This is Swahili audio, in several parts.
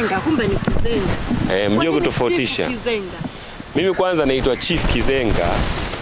Kizenga, kumbe ni Kizenga. Eh, mjue kutofautisha. Mimi kwanza naitwa Chief Kizenga.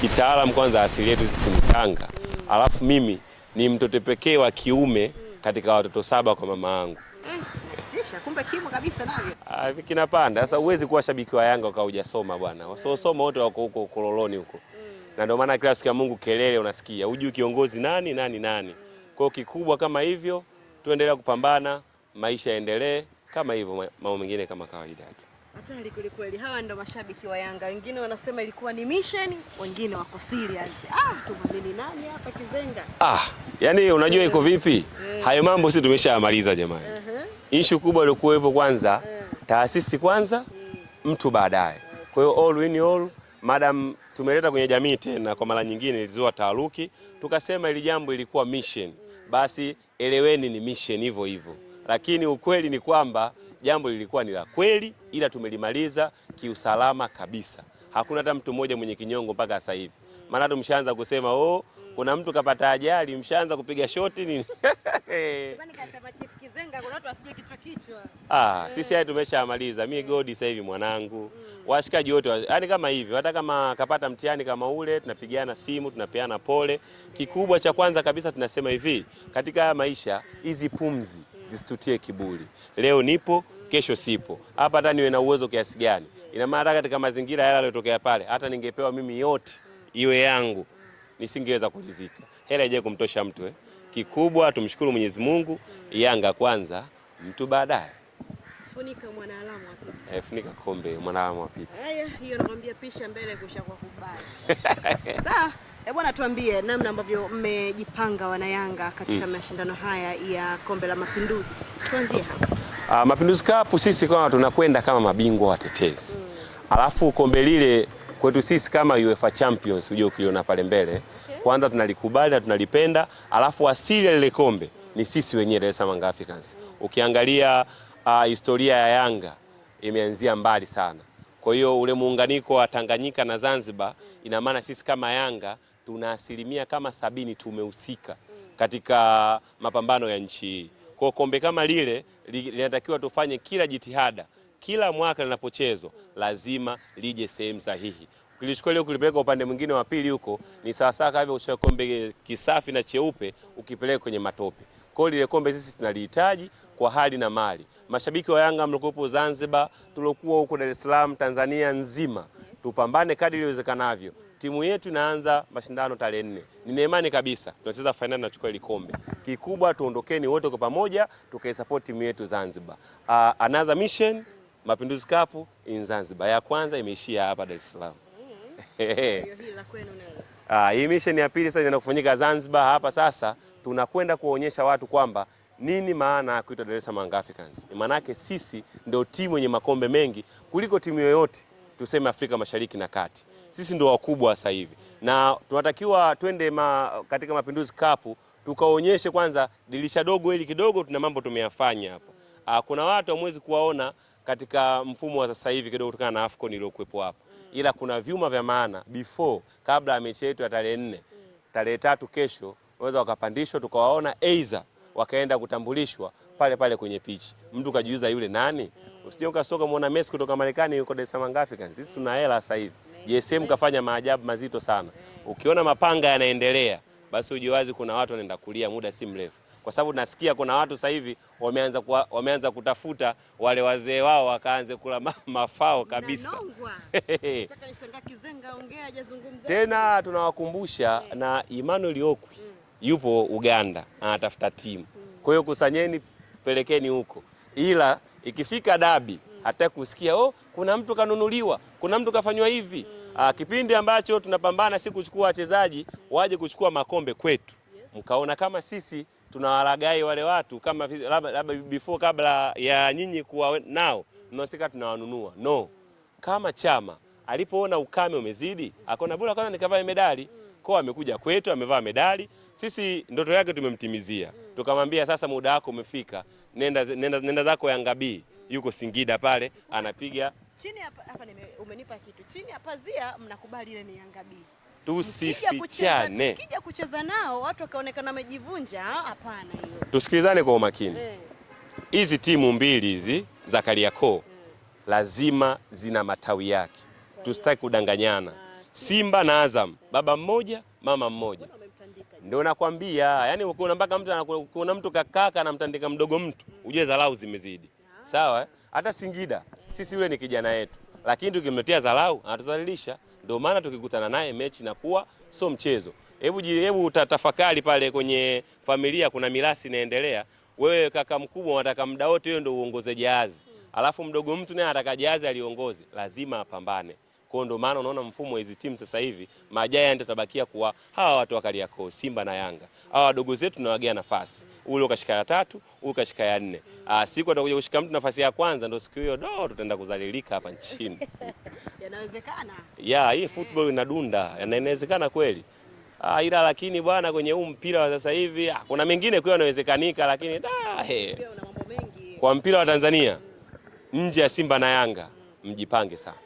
kitaalam, kwanza asili yetu sisi ni Tanga. mm. Alafu mimi ni mtoto pekee wa kiume katika watoto saba kwa mama yangu. Eh, kumbe kimo kabisa navyo. Ah, kinapanda. Sasa huwezi kuwa shabiki wa Yanga ukawa hujasoma bwana. Wasiosoma mm. wote wako huko kololoni huko. mm. Na ndio maana kila siku ya Mungu kelele unasikia. Hujui kiongozi nani nani nani. Mm. Kwa hiyo kikubwa kama hivyo tuendelea kupambana, maisha yaendelee kama hivyo, mambo mengine kama kawaida tu. Hatari kweli kweli. Hawa ndio mashabiki wa Yanga, wengine wanasema ilikuwa ni mission, wengine wako serious. Ah, tumwamini nani hapa kizenga? Ah, yani unajua iko vipi? Yeah. Hayo mambo sisi tumeshamaliza jamani. Uh -huh. Issue kubwa ilikuwepo kwanza, uh taasisi kwanza, mm. mtu baadaye. Kwa hiyo all in all, madam tumeleta kwenye jamii tena kwa mara nyingine ilizua taharuki, mm. tukasema ili jambo ilikuwa mission. Basi eleweni ni mission hivyo hivyo. Mm lakini ukweli ni kwamba jambo lilikuwa ni la kweli, ila tumelimaliza kiusalama kabisa. Hakuna hata mtu mmoja mwenye kinyongo mpaka sasa hivi, maana tumshaanza kusema oh, kuna mtu kapata ajali, mshaanza kupiga shoti nini. Yaani ah, sisi haya tumeshamaliza. Mi godi sasa hivi mwanangu, mm. washikaji wote yani kama hivyo, hata kama kapata mtihani kama ule, tunapigana simu, tunapeana pole. Kikubwa cha kwanza kabisa tunasema hivi katika haya maisha, hizi pumzi zisitutie kiburi. Leo nipo, kesho sipo. Hapa hata niwe na uwezo kiasi gani, ina maana katika mazingira yale yaliyotokea pale, hata ningepewa mimi yote iwe yangu, nisingeweza kulizika. Hela ijaye kumtosha mtu eh. Kikubwa tumshukuru Mwenyezi Mungu, Yanga kwanza, mtu baadaye. Funika mwanaalamu apite. Eh, funika kombe mwanaalamu apite. Haya, hiyo nakwambia pisha mbele kusha kwa kubali. Sawa. E bwana, tuambie namna ambavyo mmejipanga wanayanga katika mm. mashindano haya ya kombe la mapinduzi. Tuanzie hapa. Uh, Mapinduzi Cup sisi kama tunakwenda kama mabingwa watetezi mm. alafu kombe lile kwetu sisi kama UEFA Champions, unajua ukiliona pale mbele okay. Kwanza tunalikubali na tunalipenda, alafu asili ya lile kombe mm. ni sisi wenyewe Dar es Salaam Young Africans mm. ukiangalia uh, historia ya Yanga imeanzia mbali sana, kwa hiyo ule muunganiko wa Tanganyika na Zanzibar, mm. ina maana sisi kama Yanga tuna asilimia kama sabini tumehusika mm. katika mapambano ya nchi hii. Kwa kombe kama lile linatakiwa tufanye kila jitihada, kila mwaka linapochezwa mm. lazima lije sehemu sahihi. Ukilichukua leo kulipeleka upande mwingine wa pili huko mm. ni sawa kama vile kombe kisafi na cheupe ukipeleka kwenye matope. Kwa hiyo lile kombe sisi tunalihitaji kwa hali na mali. Mashabiki wa Yanga mlikuwepo Zanzibar, tulokuwa huko Dar es Salaam, Tanzania nzima, tupambane kadri iliwezekanavyo timu yetu inaanza mashindano tarehe nne. Nina imani kabisa tunacheza fainali, nachukua ile kombe kikubwa. Tuondokeni wote kwa pamoja, tukaisupport timu yetu Zanzibar. Uh, another mission Mapinduzi Cup in Zanzibar, ya kwanza imeishia hapa Dar es Salaam. Mm-hmm. Ah, hii mission ya pili sasa inakufanyika Zanzibar hapa sasa. Tunakwenda kuonyesha watu kwamba nini maana ya kuitwa Dar es Salaam Africans. Maana yake sisi ndio timu yenye makombe mengi kuliko timu yoyote tuseme Afrika Mashariki na Kati sisi ndo wakubwa sasa hivi na tunatakiwa twende ma, katika Mapinduzi Cup tukaonyeshe kwanza dirisha dogo hili kidogo, tuna mambo tumeyafanya hapo. Ah, kuna watu hamwezi kuwaona katika mfumo wa sasa hivi kidogo, kutokana na AFCON iliyokuwepo hapo, ila kuna vyuma vya maana before, kabla ya mechi yetu ya tarehe nne, mm. tarehe tatu kesho, waweza wakapandishwa tukawaona, aidha wakaenda kutambulishwa pale pale kwenye pitch, mtu kajiuliza yule nani? Usije ukasoka muona Messi kutoka Marekani yuko Dar es Salaam Africans. Sisi tuna hela sasa hivi JSM kafanya maajabu mazito sana. Ukiona mapanga yanaendelea, basi ujiwazi kuna watu wanaenda kulia muda si mrefu, kwa sababu nasikia kuna watu sasa hivi wameanza kuwa, wameanza kutafuta wale wazee wao wakaanze kula ma, mafao kabisa tena tunawakumbusha eh. Na Emmanuel Okwi mm. yupo Uganda anatafuta timu hmm. Kwa hiyo kusanyeni, pelekeni huko, ila ikifika dabi hata kusikia oh, kuna mtu kanunuliwa, kuna mtu kafanywa hivi mm. Aa, ah, kipindi ambacho tunapambana si kuchukua wachezaji waje kuchukua makombe kwetu yes. Mkaona kama sisi tunawalagai wale watu kama labda before kabla ya nyinyi kuwa nao mm. tunawanunua no. Kama chama alipoona ukame umezidi, akaona bora kwanza nikavae medali mm. kwa, amekuja kwetu amevaa medali. Sisi ndoto yake tumemtimizia, mm. tukamwambia sasa, muda wako umefika, nenda, nenda, nenda zako Yanga B yuko Singida pale anapiga chini hapa, hapa nime, umenipa kitu chini ya pazia, mnakubali ile ni Yanga B. Tusifichane, kija kucheza nao watu wakaonekana wamejivunja. Ah, hapana, hiyo tusikilizane kwa umakini. Eh. Hizi hey. timu mbili hizi za Kariakoo hmm, eh. lazima zina matawi yake, tusitaki kudanganyana. Ah, Simba na Azam, hey. Eh. baba mmoja mama mmoja, ndio nakwambia. Yani ukiona mpaka mtu anakuona mtu kakaka anamtandika mdogo mtu, mm. ujue dharau zimezidi sawa. Eh? Hata Singida sisi yule ni kijana yetu, lakini tukimletea dharau anatuzalilisha Ndio maana tukikutana naye mechi inakuwa sio mchezo. Hebu hebu tafakari pale kwenye familia, kuna mirasi inaendelea. Wewe kaka mkubwa unataka muda wote wewe ndio uongoze jahazi, alafu mdogo mtu naye anataka jahazi aliongoze, lazima apambane. Kwa hiyo ndio maana unaona mfumo hizi timu sasa hivi majayanti tabakia kuwa hawa watu wa Kariakoo, Simba na Yanga. Hawa wadogo zetu tunawagea nafasi, ule ukashika ya tatu, ule ukashika ya nne. Ah, siku atakuja kushika mtu nafasi ya kwanza, ndio siku hiyo do tutaenda kuzalilika hapa nchini. Yanawezekana Ya, yeah, hii football inadunda, Yanawezekana kweli. Ah, ila lakini bwana, kwenye huu mpira wa sasa hivi ah, kuna mengine kwa yanawezekanika, lakini da he. Kwa mpira wa Tanzania nje ya Simba na Yanga mjipange sana.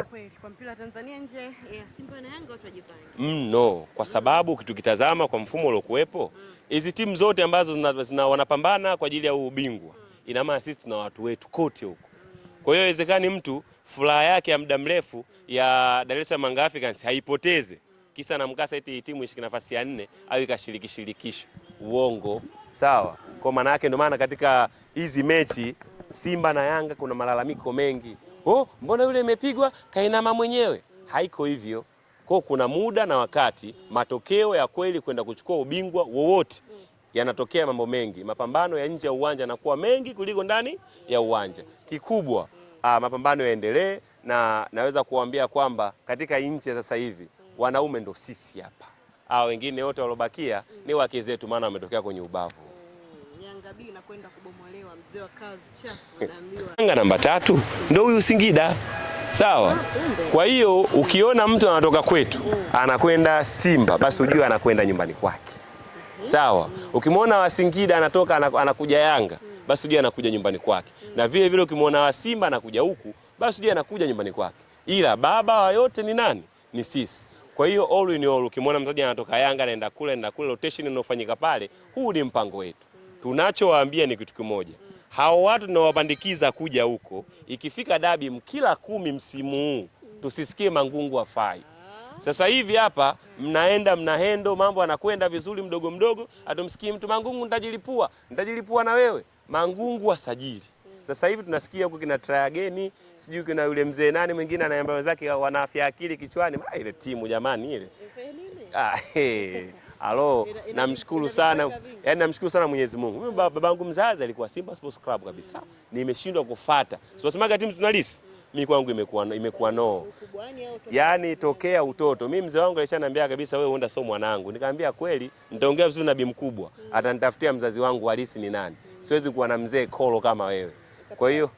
Kwa kweli kwa mpira Tanzania nje ya Simba na Yanga watu wajipange. Mm, no, kwa sababu tukitazama kwa mfumo uliokuwepo mm. hizi mm. timu zote ambazo zina, zina wanapambana kwa ajili ya ubingwa mm. ina maana sisi tuna watu wetu kote huko mm. kwa hiyo iwezekani mtu furaha yake ya muda mrefu mm. ya Dar es Salaam Africans haipoteze kisa na mkasa eti timu ishike nafasi ya nne mm. au ikashiriki shirikisho uongo sawa. Kwa maana yake ndio maana katika hizi mechi Simba na Yanga kuna malalamiko mengi oh, mbona yule imepigwa kainama mwenyewe? Haiko hivyo. Kwa kuna muda na wakati, matokeo ya kweli kwenda kuchukua ubingwa wowote yanatokea mambo mengi. Mapambano ya nje ya uwanja yanakuwa mengi kuliko ndani ya uwanja. Kikubwa a, ah, mapambano yaendelee, na naweza kuambia kwamba katika nchi sasa hivi wanaume ndo sisi hapa, hao ah, wengine wote waliobakia ni wake zetu, maana wametokea kwenye ubavu. Yanga B na kubomolewa, mzee wa kazi chafu eh. anaambiwa. Yanga namba tatu ndio huyu Singida. Sawa. Ah, Kwa hiyo ukiona mtu anatoka kwetu anakwenda Simba, basi ujue anakwenda nyumbani kwake. Mhm. Sawa. Mhm. Ukimwona wa Singida anatoka anakuja Yanga, mhm. basi ujue anakuja nyumbani kwake. Na vile vile ukimwona wa Simba anakuja huku, basi ujue anakuja nyumbani kwake. Ila baba wa yote ni nani? Ni sisi. Kwa hiyo all in all, ukimwona mtaji anatoka Yanga anaenda kule, anaenda kule, rotation inayofanyika pale, huu ni mpango wetu. Tunachowaambia ni kitu kimoja, hao watu tunawabandikiza kuja huko, ikifika dabi mkila kumi msimu huu tusisikie Mangungu afai. Sasa hivi hapa mnaenda mnahendo, mambo anakwenda vizuri mdogo mdogo, atumsikii mtu Mangungu nitajilipua, nitajilipua na wewe Mangungu asajili. Sasa hivi tunasikia huko kina again, sijui kuna yule mzee nani mwingine anayemba wenzake wana afya akili kichwani. Ah, ile timu jamani ile. Ah, hey. Eh. Alo, namshukuru sana yaani, namshukuru sana Mwenyezi Mungu. Mimi babangu mzazi alikuwa Simba Sports Club kabisa, nimeshindwa kufuata. Siwasemaga timu tunalisi mimi kwangu imekuwa imekuwa no, yaani tokea utoto. Mimi mzee wangu alishaniambia kabisa, wewe uenda so mwanangu. Nikamwambia kweli, nitaongea vizuri na bi mkubwa, atanitafutia mzazi wangu halisi ni nani. Siwezi kuwa na mzee kolo kama wewe. Kwa hiyo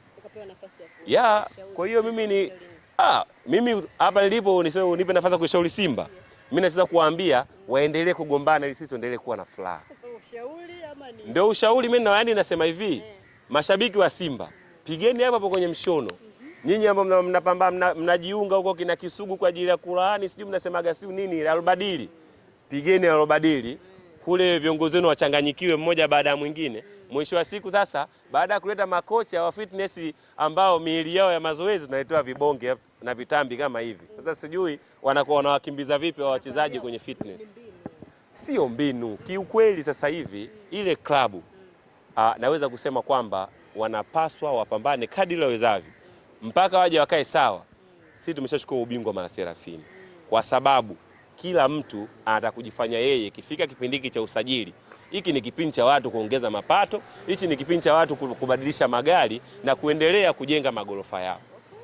ya, kwa hiyo mimi ni ah, mimi hapa nilipo, niseme unipe nafasi ya kushauri Simba. Mimi naweza kuwaambia waendelee kugombana ili sisi tuendelee kuwa na furaha. Ushauri ama ni? Ndio ushauri mimi na yani, nasema hivi, yeah. Mashabiki wa Simba, pigeni hapo hapo kwenye mshono. Mm -hmm. Nyinyi ambao mnapamba mnajiunga huko kina Kisugu kwa ajili ya Qur'ani, sijui mnasemaga siu nini, alobadili. Pigeni alobadili kule viongozi wenu wachanganyikiwe mmoja baada ya mwingine. Mwisho wa siku sasa, baada ya kuleta makocha wa fitness ambao miili yao ya mazoezi tunaitoa vibonge na vitambi kama hivi, sasa sijui wanakuwa wanawakimbiza vipi wa wachezaji kwenye fitness. Sio mbinu kiukweli. Sasa hivi ile klabu a, ah, naweza kusema kwamba wanapaswa wapambane kadri wawezavyo mpaka waje wakae sawa. Sisi tumeshachukua ubingwa mara 30 kwa sababu kila mtu anataka kujifanya yeye. Ikifika kipindi hiki cha usajili, hiki ni kipindi cha watu kuongeza mapato, hichi ni kipindi cha watu kubadilisha magari na kuendelea kujenga magorofa yao.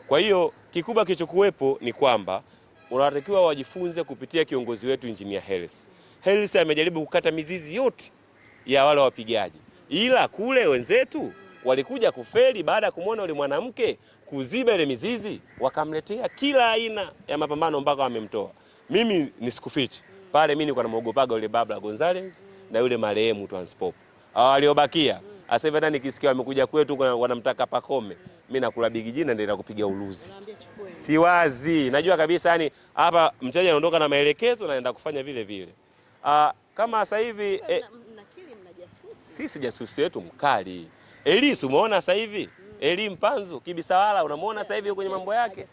Kwa hiyo kikubwa kilichokuwepo ni kwamba unatakiwa wajifunze kupitia kiongozi wetu Engineer Harris. Harris amejaribu kukata mizizi yote ya wale wapigaji, ila kule wenzetu walikuja kufeli baada ya kumwona yule mwanamke kuziba ile mizizi, wakamletea kila aina ya mapambano mpaka wamemtoa mimi ni nisikufichi pale, mimi nilikuwa namuogopaga yule Babla Gonzales na yule marehemu Transpop. Ah, waliobakia mm. sasa hivi amekuja nikisikia wamekuja kwetu wanamtaka pakome, mimi nakula bigi jina ndio nakupiga uluzi, siwazi. Najua kabisa yani hapa mchezaji anaondoka na maelekezo naenda kufanya vile vile. Ah, kama sasa hivi e, sisi jasusi wetu mkali Elisi, umeona sasa hivi mm. Eli Mpanzu kibisawala, unamwona sasa hivi kwenye mambo yake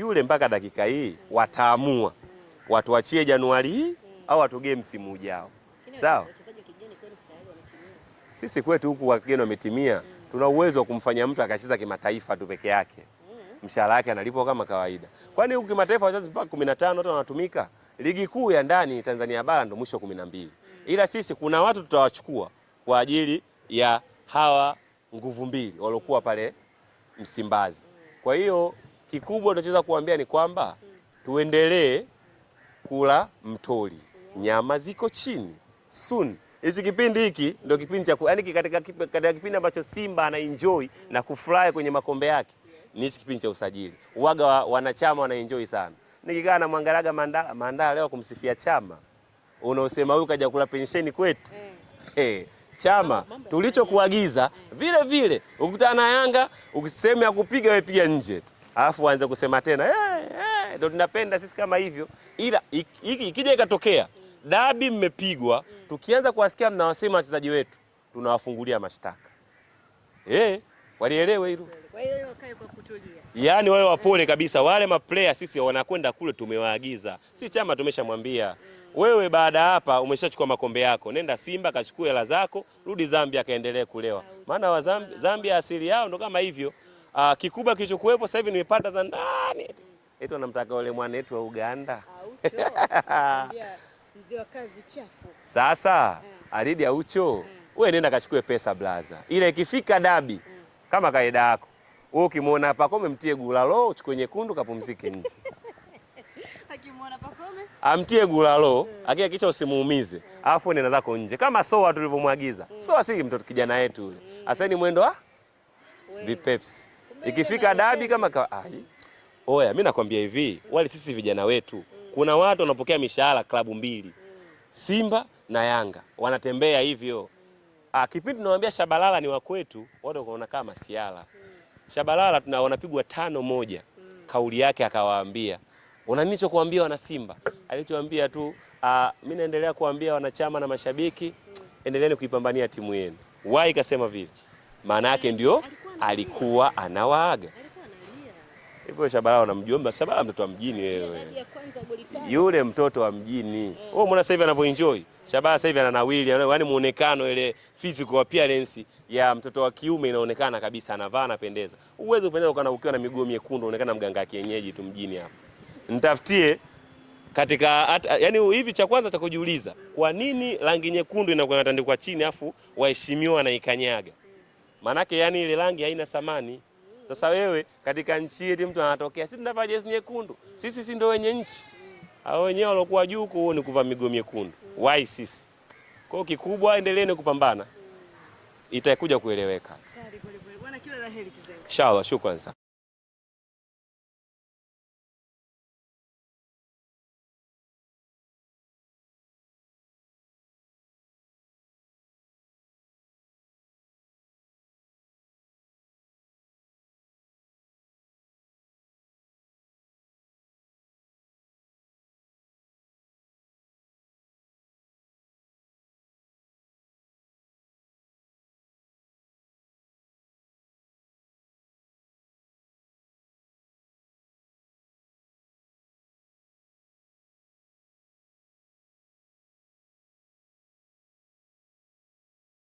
yule mpaka dakika hii wataamua watuachie Januari hii au watugee msimu ujao, sawa? Sisi kwetu huku wageni wametimia, mm. tuna uwezo wa kumfanya mtu akacheza kimataifa tu peke yake, mm. mshahara wake analipwa kama kawaida. Kwani huku kimataifa wachezaji mpaka kumi na tano hata wanatumika. Ligi kuu ya ndani Tanzania bara ndo mwisho kumi na mbili, mm. ila sisi kuna watu tutawachukua kwa ajili ya hawa nguvu mbili waliokuwa pale Msimbazi. Kwa hiyo Kikubwa tunachoweza kuambia ni kwamba tuendelee kula mtori, nyama ziko chini soon. Hichi kipindi hiki ndio kipindi cha yani, katika katika kipindi ambacho Simba ana enjoy na kufurahi kwenye makombe yake ni hichi kipindi cha usajili. Waga wa, wanachama wana enjoy sana. Nikikaa na mwangalaga Mandala, Mandala leo kumsifia Chama, unaosema huyu kaja kula pensheni kwetu hey. Eh. Eh, hey. Chama tulichokuagiza vile vile, ukutana na Yanga ukisema ya kupiga wewe piga nje tu alafu waanze kusema tena hey, eh, hey, ndo tunapenda sisi kama hivyo, ila ikija ikatokea dabi mmepigwa, tukianza kuwasikia mnawasema wachezaji wetu, tunawafungulia mashtaka eh, walielewe hilo. Yaani wale wapole kabisa wale maplayer, sisi wanakwenda kule, tumewaagiza si chama, tumeshamwambia wewe baada hapa umeshachukua makombe yako, nenda Simba kachukue hela zako, rudi Zambia kaendelee kulewa. Maana wa Zambia asili yao ndo kama hivyo. Uh, kikubwa kilichokuwepo sasa hivi nimepata za ndani eti wanamtaka yule mwana wetu wa Uganda sasa eh. aridi aucho eh. wewe nenda kachukue pesa blaza, ile ikifika dabi mm. kama kaida yako wewe, ukimwona Pakome mtie gula lo, uchukue nyekundu kapumzike nje akimwona Pakome amtie gula lo akia kichwa usimuumize, alafu mm. nenda zako nje kama soa tulivyomwagiza mm. soa si mtoto kijana yetu yule mm. asani mwendo wa vipepsi Ikifika dabi kama ka... ai. Oya, mimi nakwambia hivi, wale sisi vijana wetu, kuna watu wanapokea mishahara klabu mbili, Simba na Yanga, wanatembea hivyo. Ah, kipindi tunawaambia Shabalala ni wa kwetu, watu wanaona kama siala. Shabalala tuna wanapigwa tano moja, kauli yake akawaambia, una nicho kuambia wana Simba? Alichoambia tu ah, mimi naendelea kuambia wanachama na mashabiki, endeleeni kuipambania timu yenu. Wai kasema vile, maana yake ndio alikuwa anawaaga hivyo. Shabalala mjomba Shabalala, mtoto wa mjini wewe, yule mtoto wa mjini wewe, oh, Mbona sasa hivi anavyoenjoy Shabalala. Sasa hivi ananawili, yaani muonekano ile physical appearance ya mtoto wa kiume inaonekana kabisa, anavaa anapendeza. Uweze kupendeza ukana ukiwa na miguu miekundu, unaonekana mganga wa kienyeji tu mjini hapo. Nitafutie katika at, yani hivi cha kwanza cha kujiuliza, kwa nini rangi nyekundu inakuwa inatandikwa chini afu waheshimiwa na ikanyaga Maanake yani ile rangi haina thamani. Sasa wewe katika nchi yetu mtu anatokea, sisi tunavaa jezi nyekundu, sisi si ndio wenye nchi? Hao wenyewe walokuwa juu huko ni kuvaa miguu myekundu, why sisi? Kwa kikubwa endeleeni kupambana, itakuja kueleweka inshallah. Shukrani sana.